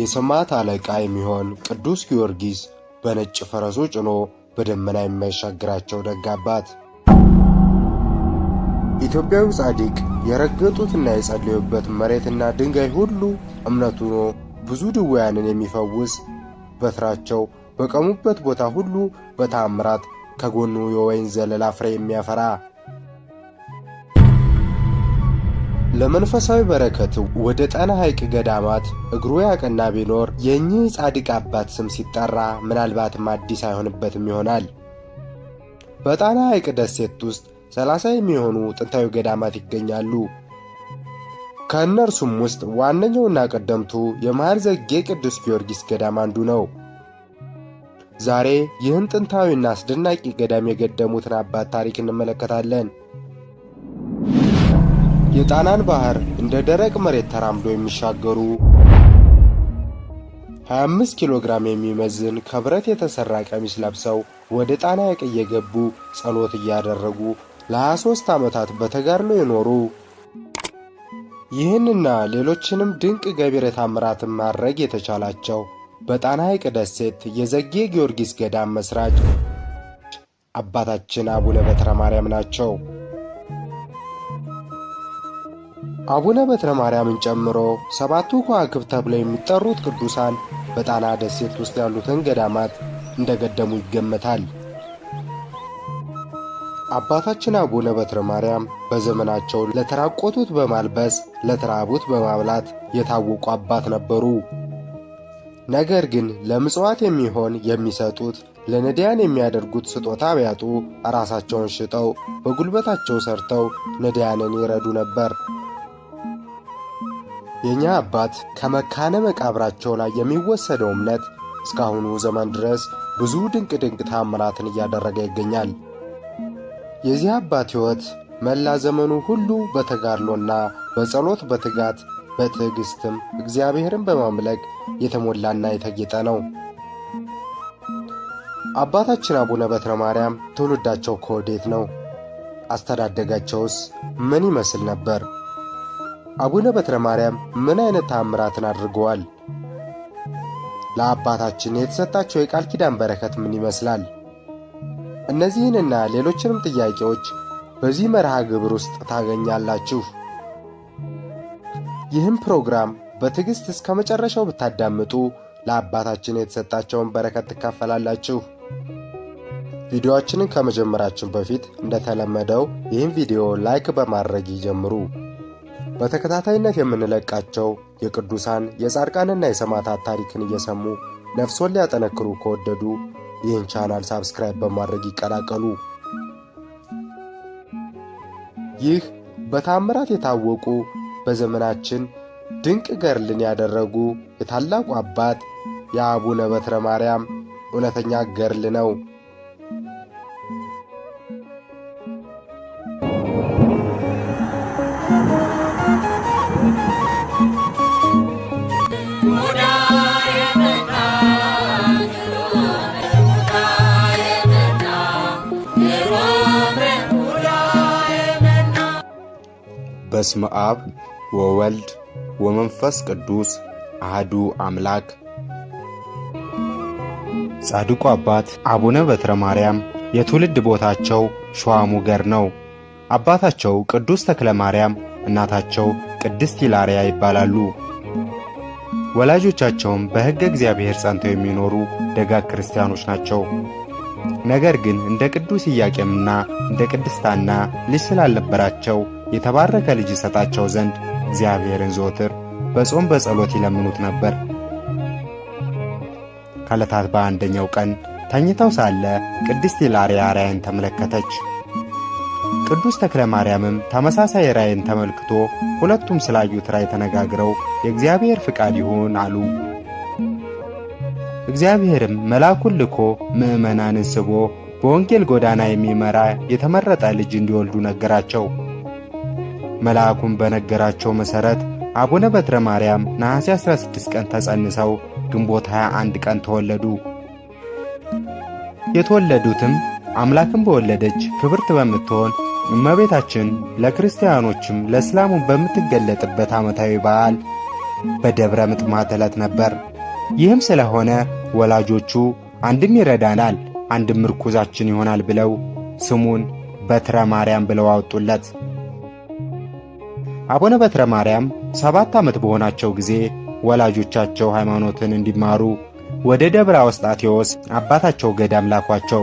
የሰማዕት አለቃ የሚሆን ቅዱስ ጊዮርጊስ በነጭ ፈረሱ ጭኖ በደመና የሚያሻግራቸው ደግ አባት ኢትዮጵያዊ ጻድቅ የረገጡትና የጸለዩበት መሬትና ድንጋይ ሁሉ እምነቱ ሆኖ ብዙ ድውያንን የሚፈውስ በትራቸው በቀሙበት ቦታ ሁሉ በታምራት ከጎኑ የወይን ዘለላ ፍሬ የሚያፈራ ለመንፈሳዊ በረከት ወደ ጣና ሐይቅ ገዳማት እግሩ ያቀና ቢኖር የእኚህ ጻድቅ አባት ስም ሲጠራ ምናልባትም አዲስ አይሆንበትም ይሆናል። በጣና ሐይቅ ደሴት ውስጥ ሰላሳ የሚሆኑ ጥንታዊ ገዳማት ይገኛሉ። ከእነርሱም ውስጥ ዋነኛውና ቀደምቱ የመሐል ዘጌ ቅዱስ ጊዮርጊስ ገዳም አንዱ ነው። ዛሬ ይህን ጥንታዊና አስደናቂ ገዳም የገደሙትን አባት ታሪክ እንመለከታለን። የጣናን ባህር እንደ ደረቅ መሬት ተራምዶ የሚሻገሩ 25 ኪሎ ግራም የሚመዝን ከብረት የተሰራ ቀሚስ ለብሰው ወደ ጣና ሐይቅ እየገቡ ጸሎት እያደረጉ ለ23 ዓመታት በተጋድሎ የኖሩ ይህንና ሌሎችንም ድንቅ ገቢረ ተአምራትን ማድረግ የተቻላቸው በጣና ሐይቅ ደሴት የዘጌ ጊዮርጊስ ገዳም መስራች አባታችን አቡነ በትረ ማርያም ናቸው። አቡነ በትረ ማርያምን ጨምሮ ሰባቱ ከዋክብት ተብለው የሚጠሩት ቅዱሳን በጣና ደሴት ውስጥ ያሉትን ገዳማት እንደገደሙ ይገመታል። አባታችን አቡነ በትረ ማርያም በዘመናቸው ለተራቆቱት በማልበስ ለተራቡት በማብላት የታወቁ አባት ነበሩ። ነገር ግን ለምጽዋት የሚሆን የሚሰጡት ለነዳያን የሚያደርጉት ስጦታ ቢያጡ ራሳቸውን ሽጠው በጉልበታቸው ሰርተው ነዳያንን ይረዱ ነበር። የእኛ አባት ከመካነ መቃብራቸው ላይ የሚወሰደው እምነት እስካሁኑ ዘመን ድረስ ብዙ ድንቅ ድንቅ ታምራትን እያደረገ ይገኛል። የዚህ አባት ሕይወት መላ ዘመኑ ሁሉ በተጋድሎና በጸሎት በትጋት በትዕግሥትም እግዚአብሔርን በማምለክ የተሞላና የተጌጠ ነው። አባታችን አቡነ በትረ ማርያም ትውልዳቸው ከወዴት ነው? አስተዳደጋቸውስ ምን ይመስል ነበር? አቡነ በትረ ማርያም ምን አይነት ታምራትን አድርገዋል? ለአባታችን የተሰጣቸው የቃል ኪዳን በረከት ምን ይመስላል? እነዚህንና ሌሎችንም ጥያቄዎች በዚህ መርሃ ግብር ውስጥ ታገኛላችሁ። ይህም ፕሮግራም በትዕግሥት እስከ መጨረሻው ብታዳምጡ ለአባታችን የተሰጣቸውን በረከት ትካፈላላችሁ። ቪዲዮአችንን ከመጀመራችን በፊት እንደተለመደው ይህን ቪዲዮ ላይክ በማድረግ ይጀምሩ። በተከታታይነት የምንለቃቸው የቅዱሳን የጻድቃንና የሰማዕታት ታሪክን እየሰሙ ነፍሶን ሊያጠነክሩ ከወደዱ ይህን ቻናል ሳብስክራይብ በማድረግ ይቀላቀሉ። ይህ በታምራት የታወቁ በዘመናችን ድንቅ ገርልን ያደረጉ የታላቁ አባት የአቡነ በትረ ማርያም እውነተኛ ገርል ነው። በስመ አብ ወወልድ ወመንፈስ ቅዱስ አህዱ አምላክ። ጻድቁ አባት አቡነ በትረ ማርያም የትውልድ ቦታቸው ሸዋ ሙገር ነው። አባታቸው ቅዱስ ተክለ ማርያም፣ እናታቸው ቅድስት ሂላሪያ ይባላሉ። ወላጆቻቸውም በሕገ እግዚአብሔር ጸንተው የሚኖሩ ደጋግ ክርስቲያኖች ናቸው። ነገር ግን እንደ ቅዱስ ኢያቄምና እንደ ቅድስት ሐና ልጅ ስላልነበራቸው የተባረከ ልጅ ይሰጣቸው ዘንድ እግዚአብሔርን ዘወትር በጾም በጸሎት ይለምኑት ነበር። ከዕለታት በአንደኛው ቀን ተኝተው ሳለ ቅድስት ኢላርያ ራእይን ተመለከተች። ቅዱስ ተክለ ማርያምም ተመሳሳይ ራእይን ተመልክቶ ሁለቱም ስላዩት ራእይ ተነጋግረው የእግዚአብሔር ፍቃድ ይሁን አሉ። እግዚአብሔርም መልአኩን ልኮ ምእመናንን ስቦ በወንጌል ጎዳና የሚመራ የተመረጠ ልጅ እንዲወልዱ ነገራቸው። መልአኩም በነገራቸው መሠረት አቡነ በትረ ማርያም ነሐሴ 16 ቀን ተጸንሰው ግንቦት 21 ቀን ተወለዱ። የተወለዱትም አምላክን በወለደች ክብርት በምትሆን እመቤታችን ለክርስቲያኖችም ለእስላሙ በምትገለጥበት ዓመታዊ በዓል በደብረ ምጥማት ዕለት ነበር። ይህም ስለሆነ ወላጆቹ አንድም ይረዳናል፣ አንድም ምርኩዛችን ይሆናል ብለው ስሙን በትረ ማርያም ብለው አወጡለት። አቡነ በትረ ማርያም ሰባት ዓመት በሆናቸው ጊዜ ወላጆቻቸው ሃይማኖትን እንዲማሩ ወደ ደብረ አውስጣቴዎስ አባታቸው ገዳም ላኳቸው።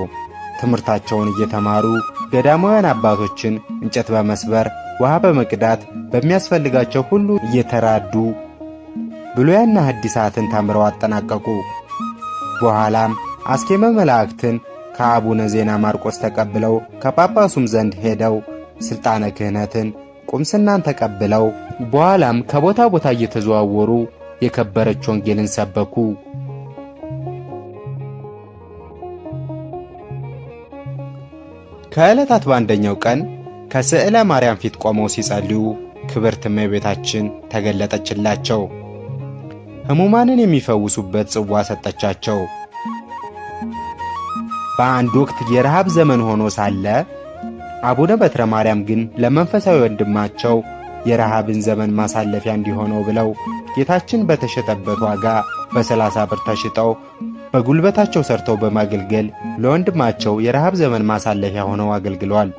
ትምህርታቸውን እየተማሩ ገዳማውያን አባቶችን እንጨት በመስበር ውሃ በመቅዳት በሚያስፈልጋቸው ሁሉ እየተራዱ ብሉያና ሐዲሳትን ተምረው አጠናቀቁ። በኋላም አስኬመ መላእክትን ከአቡነ ዜና ማርቆስ ተቀብለው ከጳጳሱም ዘንድ ሄደው ሥልጣነ ክህነትን ቁምስናን ተቀብለው በኋላም ከቦታ ቦታ እየተዘዋወሩ የከበረች ወንጌልን ሰበኩ። ከዕለታት በአንደኛው ቀን ከስዕለ ማርያም ፊት ቆመው ሲጸልዩ ክብርት እመቤታችን ተገለጠችላቸው። ሕሙማንን የሚፈውሱበት ጽዋ ሰጠቻቸው። በአንድ ወቅት የረሃብ ዘመን ሆኖ ሳለ አቡነ በትረ ማርያም ግን ለመንፈሳዊ ወንድማቸው የረሃብን ዘመን ማሳለፊያ እንዲሆነው ብለው ጌታችን በተሸጠበት ዋጋ በሰላሳ ብር ተሽጠው በጉልበታቸው ሰርተው በማገልገል ለወንድማቸው የረሃብ ዘመን ማሳለፊያ ሆነው አገልግለዋል።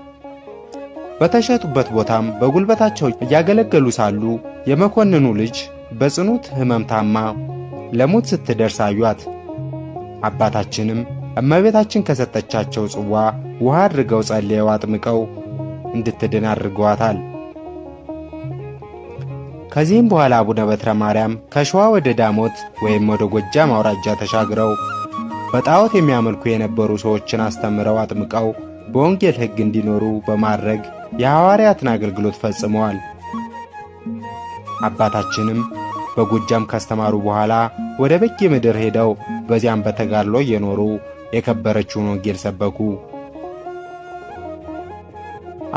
በተሸጡበት ቦታም በጉልበታቸው እያገለገሉ ሳሉ የመኮንኑ ልጅ በጽኑት ሕመም ታማ ለሞት ስትደርስ አዩአት። አባታችንም እመቤታችን ከሰጠቻቸው ጽዋ ውሃ አድርገው ጸልየው አጥምቀው እንድትድን አድርገዋታል። ከዚህም በኋላ አቡነ በትረ ማርያም ከሸዋ ወደ ዳሞት ወይም ወደ ጎጃም አውራጃ ተሻግረው በጣዖት የሚያመልኩ የነበሩ ሰዎችን አስተምረው አጥምቀው በወንጌል ሕግ እንዲኖሩ በማድረግ የሐዋርያትን አገልግሎት ፈጽመዋል። አባታችንም በጎጃም ካስተማሩ በኋላ ወደ በጌ ምድር ሄደው በዚያም በተጋድሎ እየኖሩ የከበረችውን ወንጌል ሰበኩ።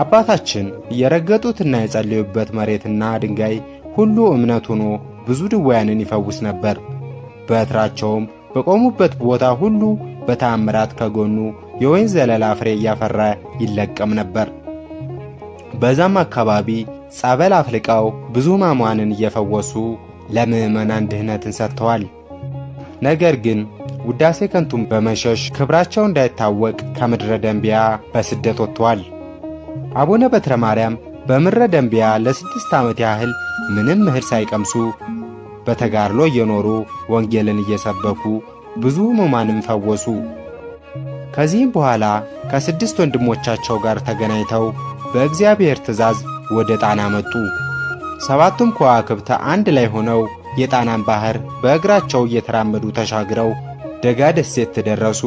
አባታችን የረገጡትና የጸለዩበት መሬትና ድንጋይ ሁሉ እምነት ሆኖ ብዙ ድውያንን ይፈውስ ነበር። በትራቸውም በቆሙበት ቦታ ሁሉ በታምራት ከጎኑ የወይን ዘለላ ፍሬ እያፈራ ይለቀም ነበር። በዛም አካባቢ ጸበል አፍልቀው ብዙ ሕማማንን እየፈወሱ ለምእመናን ድህነትን ሰጥተዋል። ነገር ግን ውዳሴ ከንቱን በመሸሽ ክብራቸው እንዳይታወቅ ከምድረ ደንቢያ በስደት ወጥተዋል። አቡነ በትረ ማርያም በምድረ ደንቢያ ለስድስት ዓመት ያህል ምንም እህል ሳይቀምሱ በተጋድሎ እየኖሩ ወንጌልን እየሰበኩ ብዙ ሕሙማንም ፈወሱ። ከዚህም በኋላ ከስድስት ወንድሞቻቸው ጋር ተገናኝተው በእግዚአብሔር ትእዛዝ ወደ ጣና መጡ። ሰባቱም ከዋክብተ አንድ ላይ ሆነው የጣናን ባሕር በእግራቸው እየተራመዱ ተሻግረው ደጋ ደሴት ደረሱ።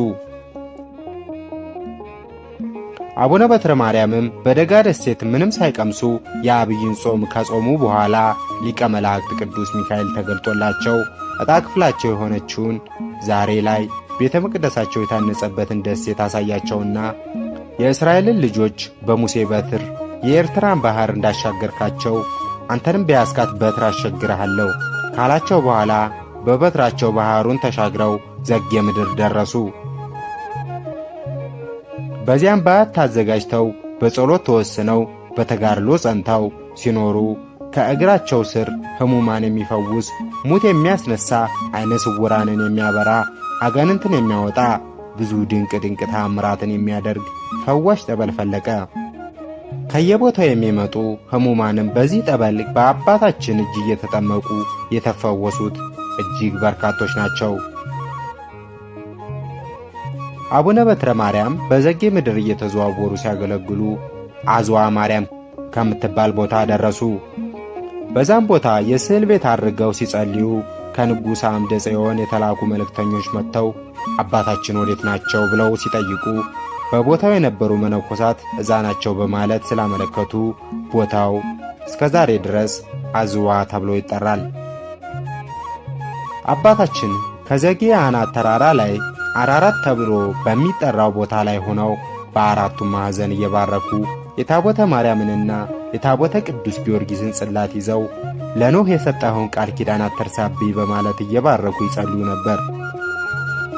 አቡነ በትረ ማርያምም በደጋ ደሴት ምንም ሳይቀምሱ የአብይን ጾም ከጾሙ በኋላ ሊቀ መላእክት ቅዱስ ሚካኤል ተገልጦላቸው ዕጣ ክፍላቸው የሆነችውን ዛሬ ላይ ቤተ መቅደሳቸው የታነጸበትን ደሴት አሳያቸውና የእስራኤልን ልጆች በሙሴ በትር የኤርትራን ባሕር እንዳሻገርካቸው አንተንም በያስካት በትር አሸግረሃለሁ ካላቸው በኋላ በበትራቸው ባሕሩን ተሻግረው ዘጌ ምድር ደረሱ። በዚያም ባት ታዘጋጅተው በጸሎት ተወስነው በተጋድሎ ጸንተው ሲኖሩ ከእግራቸው ስር ሕሙማን የሚፈውስ ሙት የሚያስነሣ ዐይነ ስውራንን የሚያበራ አጋንንትን የሚያወጣ ብዙ ድንቅ ድንቅ ታምራትን የሚያደርግ ፈዋሽ ጠበል ፈለቀ። ከየቦታው የሚመጡ ሕሙማንም በዚህ ጠበል በአባታችን እጅ እየተጠመቁ የተፈወሱት እጅግ በርካቶች ናቸው። አቡነ በትረ ማርያም በዘጌ ምድር እየተዘዋወሩ ሲያገለግሉ አዝዋ ማርያም ከምትባል ቦታ ደረሱ። በዛም ቦታ የስዕል ቤት አድርገው ሲጸልዩ ከንጉሥ አምደ ጽዮን የተላኩ መልእክተኞች መጥተው አባታችን ወዴት ናቸው ብለው ሲጠይቁ በቦታው የነበሩ መነኮሳት እዛ ናቸው በማለት ስላመለከቱ ቦታው እስከ ዛሬ ድረስ አዝዋ ተብሎ ይጠራል። አባታችን ከዘጌ አናት ተራራ ላይ አራራት ተብሎ በሚጠራው ቦታ ላይ ሆነው በአራቱ ማዕዘን እየባረኩ የታቦተ ማርያምንና የታቦተ ቅዱስ ጊዮርጊስን ጽላት ይዘው ለኖኅ የሰጠኸውን ቃል ኪዳን አትርሳብኝ በማለት እየባረኩ ይጸልዩ ነበር።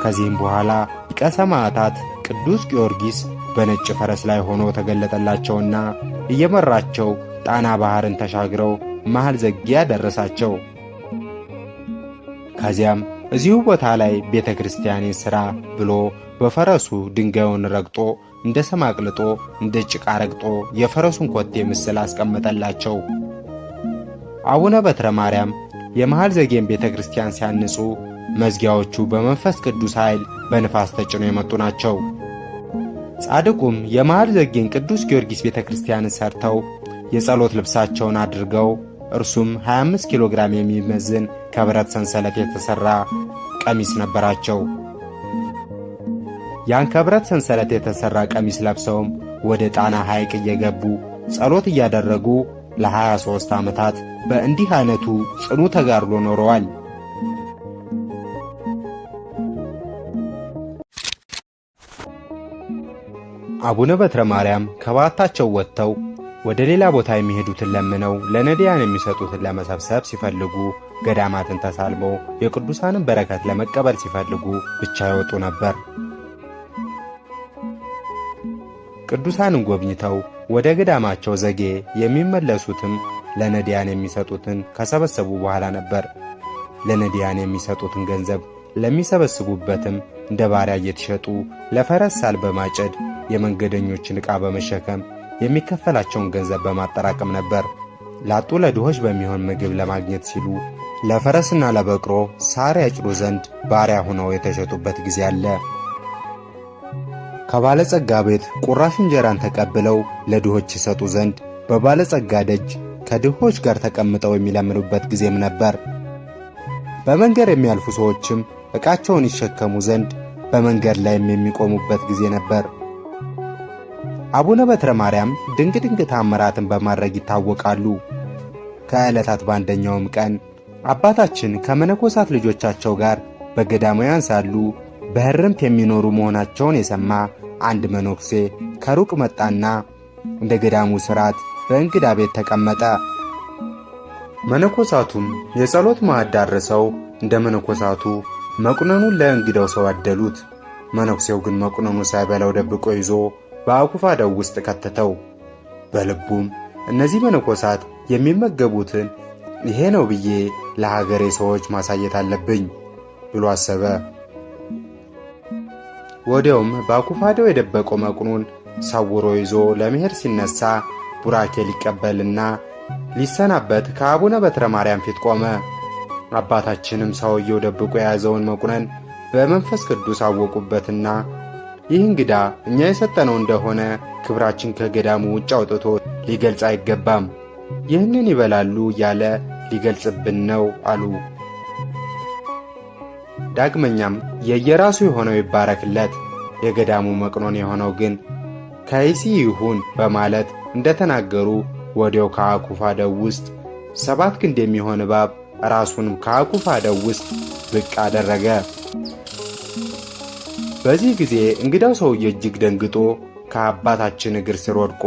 ከዚህም በኋላ ሊቀ ሰማዕታት ቅዱስ ጊዮርጊስ በነጭ ፈረስ ላይ ሆኖ ተገለጠላቸውና እየመራቸው ጣና ባሕርን ተሻግረው መሃል ዘጌ ደረሳቸው። ከዚያም እዚሁ ቦታ ላይ ቤተ ክርስቲያኔን ሥራ ብሎ በፈረሱ ድንጋዩን ረግጦ እንደ ሰም አቅልጦ እንደ ጭቃ ረግጦ የፈረሱን ኮቴ ምስል አስቀመጠላቸው። አቡነ በትረ ማርያም የመሃል ዘጌን ቤተ ክርስቲያን ሲያንጹ መዝጊያዎቹ በመንፈስ ቅዱስ ኃይል በንፋስ ተጭኖ የመጡ ናቸው። ጻድቁም የመሃል ዘጌን ቅዱስ ጊዮርጊስ ቤተ ክርስቲያንን ሠርተው የጸሎት ልብሳቸውን አድርገው እርሱም 25 ኪሎ ግራም የሚመዝን ከብረት ሰንሰለት የተሠራ ቀሚስ ነበራቸው። ያን ከብረት ሰንሰለት የተሠራ ቀሚስ ለብሰውም ወደ ጣና ሐይቅ እየገቡ ጸሎት እያደረጉ ለ23 ዓመታት በእንዲህ ዐይነቱ ጽኑ ተጋድሎ ኖረዋል። አቡነ በትረ ማርያም ከባታቸው ወጥተው ወደ ሌላ ቦታ የሚሄዱትን ለምነው ለነዳያን የሚሰጡትን ለመሰብሰብ ሲፈልጉ፣ ገዳማትን ተሳልመው የቅዱሳንን በረከት ለመቀበል ሲፈልጉ ብቻ ይወጡ ነበር። ቅዱሳንን ጎብኝተው ወደ ገዳማቸው ዘጌ የሚመለሱትም ለነዳያን የሚሰጡትን ከሰበሰቡ በኋላ ነበር። ለነዳያን የሚሰጡትን ገንዘብ ለሚሰበስቡበትም እንደ ባሪያ እየተሸጡ ለፈረስ ሳል በማጨድ የመንገደኞችን ዕቃ በመሸከም የሚከፈላቸውን ገንዘብ በማጠራቀም ነበር። ላጡ ለድሆች በሚሆን ምግብ ለማግኘት ሲሉ ለፈረስና ለበቅሎ ሳር ያጭሩ ዘንድ ባሪያ ሆነው የተሸጡበት ጊዜ አለ። ከባለጸጋ ቤት ቁራሽ እንጀራን ተቀብለው ለድሆች ይሰጡ ዘንድ በባለጸጋ ደጅ ከድሆች ጋር ተቀምጠው የሚለምኑበት ጊዜም ነበር። በመንገድ የሚያልፉ ሰዎችም ዕቃቸውን ይሸከሙ ዘንድ በመንገድ ላይም የሚቆሙበት ጊዜ ነበር። አቡነ በትረ ማርያም ድንቅ ድንቅ ታምራትን በማድረግ ይታወቃሉ። ከዕለታት በአንደኛውም ቀን አባታችን ከመነኮሳት ልጆቻቸው ጋር በገዳማውያን ሳሉ በህርምት የሚኖሩ መሆናቸውን የሰማ አንድ መነኩሴ ከሩቅ መጣና እንደ ገዳሙ ሥርዓት በእንግዳ ቤት ተቀመጠ። መነኮሳቱም የጸሎት ማዕድ አድርሰው እንደ መነኮሳቱ መቁነኑን ለእንግዳው ሰው አደሉት። መነኩሴው ግን መቁነኑ ሳይበላው ደብቆ ይዞ በአኩፋዳው ውስጥ ከተተው። በልቡም እነዚህ መነኮሳት የሚመገቡትን ይሄ ነው ብዬ ለሀገሬ ሰዎች ማሳየት አለብኝ ብሎ አሰበ። ወዲያውም በአኩፋዳው የደበቀው መቅኑን ሰውሮ ይዞ ለመሄድ ሲነሳ ቡራኬ ሊቀበልና ሊሰናበት ከአቡነ በትረ ማርያም ፊት ቆመ። አባታችንም ሰውየው ደብቆ የያዘውን መቁነን በመንፈስ ቅዱስ አወቁበትና ይህ እንግዳ እኛ የሰጠነው እንደሆነ ክብራችን ከገዳሙ ውጭ አውጥቶ ሊገልጽ አይገባም። ይህንን ይበላሉ እያለ ሊገልጽብን ነው አሉ። ዳግመኛም የየራሱ የሆነው ይባረክለት፣ የገዳሙ መቅኖን የሆነው ግን ከይሲ ይሁን በማለት እንደተናገሩ ወዲያው ከአኩፋ ደው ውስጥ ሰባት ክንድ የሚሆን እባብ ራሱንም ከአኩፋ ደው ውስጥ ብቅ አደረገ። በዚህ ጊዜ እንግዳው ሰውዬ እጅግ ደንግጦ ከአባታችን እግር ስር ወድቆ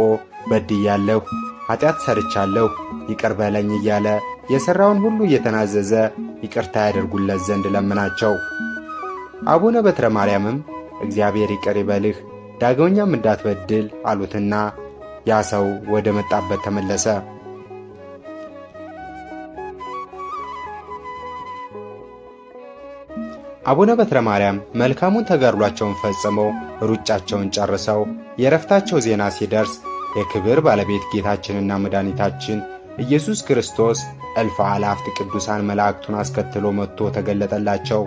በድያለሁ፣ ኃጢአት ሰርቻለሁ፣ ይቅር በለኝ እያለ የሠራውን ሁሉ እየተናዘዘ ይቅርታ ያደርጉለት ዘንድ ለምናቸው። አቡነ በትረ ማርያምም እግዚአብሔር ይቅር ይበልህ ዳግመኛም እንዳትበድል አሉትና ያ ሰው ወደ መጣበት ተመለሰ። አቡነ በትረ ማርያም መልካሙን ተጋድሏቸውን ፈጽመው ሩጫቸውን ጨርሰው የረፍታቸው ዜና ሲደርስ የክብር ባለቤት ጌታችንና መድኃኒታችን ኢየሱስ ክርስቶስ እልፍ አላፍት ቅዱሳን መላእክቱን አስከትሎ መጥቶ ተገለጠላቸው።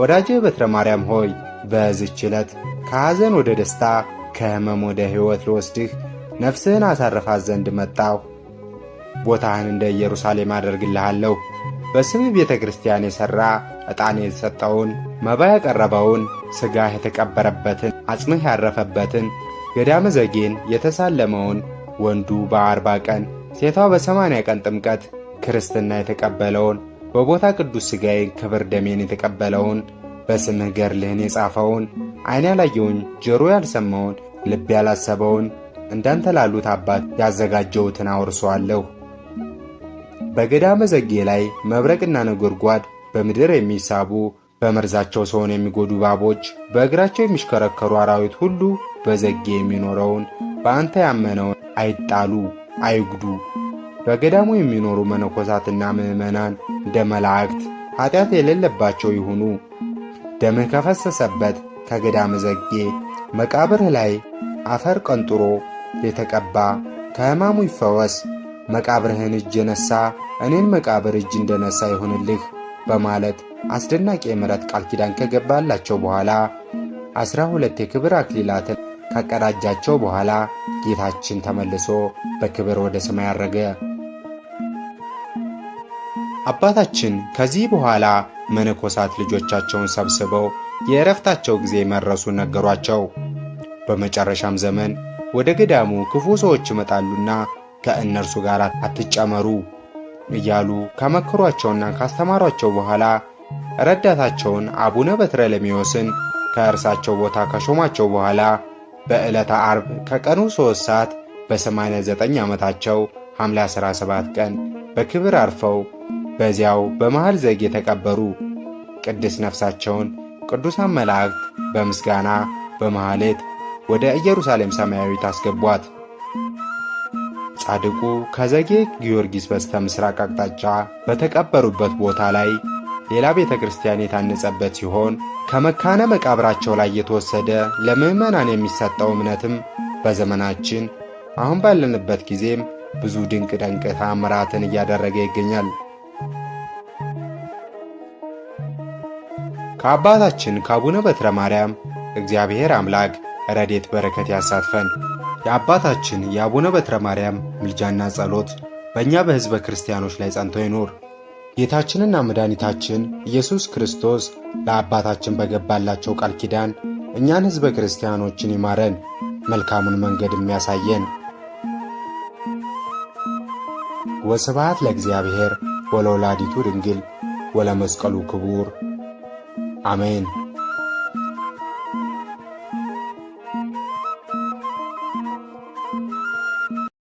ወዳጄ በትረ ማርያም ሆይ በዝች ዕለት ከሐዘን ወደ ደስታ ከሕመም ወደ ሕይወት ልወስድህ ነፍስህን አሳርፋት ዘንድ መጣሁ። ቦታህን እንደ ኢየሩሳሌም አደርግልሃለሁ። በስምህ ቤተ ክርስቲያን የሠራ ዕጣን የተሰጠውን መባ ያቀረበውን ሥጋህ የተቀበረበትን አጽምህ ያረፈበትን ገዳመ ዘጌን የተሳለመውን ወንዱ በአርባ ቀን ሴቷ በሰማንያ ቀን ጥምቀት ክርስትና የተቀበለውን በቦታ ቅዱስ ሥጋዬን ክብር ደሜን የተቀበለውን በስምህ ገድልህን የጻፈውን ዐይን ያላየውን ጆሮ ያልሰማውን ልብ ያላሰበውን እንዳንተ ላሉት አባት ያዘጋጀውትን አወርሰዋለሁ። በገዳመ ዘጌ ላይ መብረቅና ነጎድጓድ በምድር የሚሳቡ በመርዛቸው ሰውን የሚጎዱ እባቦች፣ በእግራቸው የሚሽከረከሩ አራዊት ሁሉ በዘጌ የሚኖረውን በአንተ ያመነውን አይጣሉ አይጉዱ። በገዳሙ የሚኖሩ መነኮሳትና ምዕመናን እንደ መላእክት ኃጢአት የሌለባቸው ይሁኑ። ደምህ ከፈሰሰበት ከገዳም ዘጌ መቃብርህ ላይ አፈር ቀንጥሮ የተቀባ ከሕማሙ ይፈወስ። መቃብርህን እጅ የነሣ እኔን መቃብር እጅ እንደነሣ ይሁንልህ። በማለት አስደናቂ የምሕረት ቃል ኪዳን ከገባላቸው በኋላ አስራ ሁለት የክብር አክሊላትን ካቀዳጃቸው በኋላ ጌታችን ተመልሶ በክብር ወደ ሰማይ አረገ። አባታችን ከዚህ በኋላ መነኮሳት ልጆቻቸውን ሰብስበው የእረፍታቸው ጊዜ መድረሱ ነገሯቸው። በመጨረሻም ዘመን ወደ ገዳሙ ክፉ ሰዎች ይመጣሉና ከእነርሱ ጋር አትጨመሩ እያሉ ከመከሯቸውና ካስተማሯቸው በኋላ ረዳታቸውን አቡነ በትረ ለሜዎስን ከእርሳቸው ቦታ ከሾማቸው በኋላ በዕለተ አርብ ከቀኑ 3 ሰዓት በ89 ዓመታቸው ሐምሌ 17 ቀን በክብር አርፈው በዚያው በመሃል ዘጌ የተቀበሩ። ቅድስ ነፍሳቸውን ቅዱሳን መላእክት በምስጋና በመሐሌት ወደ ኢየሩሳሌም ሰማያዊት አስገቧት። ጻድቁ ከዘጌ ጊዮርጊስ በስተ ምስራቅ አቅጣጫ በተቀበሩበት ቦታ ላይ ሌላ ቤተ ክርስቲያን የታነጸበት ሲሆን ከመካነ መቃብራቸው ላይ የተወሰደ ለምዕመናን የሚሰጠው እምነትም በዘመናችን አሁን ባለንበት ጊዜም ብዙ ድንቅ ደንቅ ተአምራትን እያደረገ ይገኛል። ከአባታችን ከአቡነ በትረ ማርያም እግዚአብሔር አምላክ ረዴት በረከት ያሳትፈን። የአባታችን የአቡነ በትረ ማርያም ምልጃና ጸሎት በእኛ በሕዝበ ክርስቲያኖች ላይ ጸንቶ ይኑር። ጌታችንና መድኃኒታችን ኢየሱስ ክርስቶስ ለአባታችን በገባላቸው ቃል ኪዳን እኛን ሕዝበ ክርስቲያኖችን ይማረን፣ መልካሙን መንገድ የሚያሳየን። ወስብሐት ለእግዚአብሔር ወለወላዲቱ ድንግል ወለመስቀሉ ክቡር አሜን።